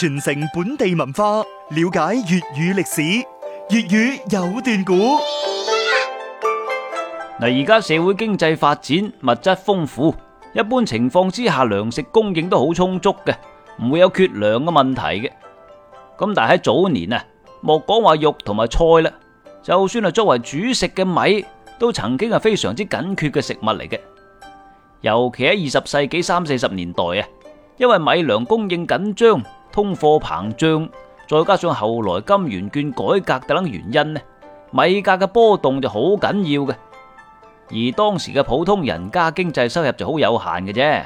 傳承本地文化，了解粵語歷史，粵語有段古。嗱，而家社會經濟發展，物質豐富，一般情況之下糧食供應都好充足嘅，唔會有缺糧嘅問題嘅。咁但係喺早年啊，莫講話肉同埋菜啦，就算係作為主食嘅米，都曾經係非常之緊缺嘅食物嚟嘅。尤其喺二十世紀三四十年代啊，因為米糧供應緊張。通貨膨脹，再加上後來金元券改革等等原因呢，米價嘅波動就好緊要嘅。而當時嘅普通人家經濟收入就好有限嘅啫，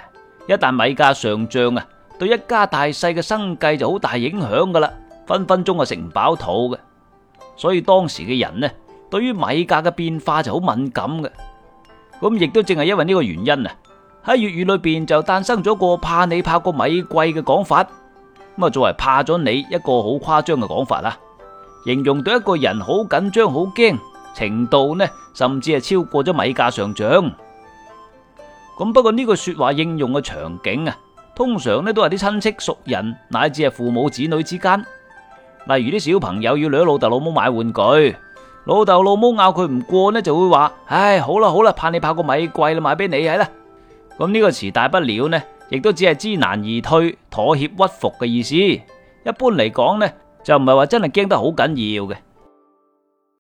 一旦米價上漲啊，對一家大細嘅生計就好大影響㗎啦，分分鐘啊食唔飽肚嘅。所以當時嘅人呢，對於米價嘅變化就好敏感嘅。咁亦都正係因為呢個原因啊，喺粵語裏邊就誕生咗個怕你怕過米貴嘅講法。咁啊，作為怕咗你一個好誇張嘅講法啦，形容對一個人好緊張、好驚，程度呢甚至係超過咗米價上漲。咁不過呢句說話應用嘅場景啊，通常呢都係啲親戚、熟人乃至係父母、子女之間。例如啲小朋友要攞老豆老母買玩具，老豆老母拗佢唔過呢，就會話：唉，好啦好啦，怕你怕過米貴啦，買俾你係啦。咁呢個詞大不了呢？亦都只係知難而退、妥協屈服嘅意思。一般嚟講呢，就唔係話真係驚得好緊要嘅。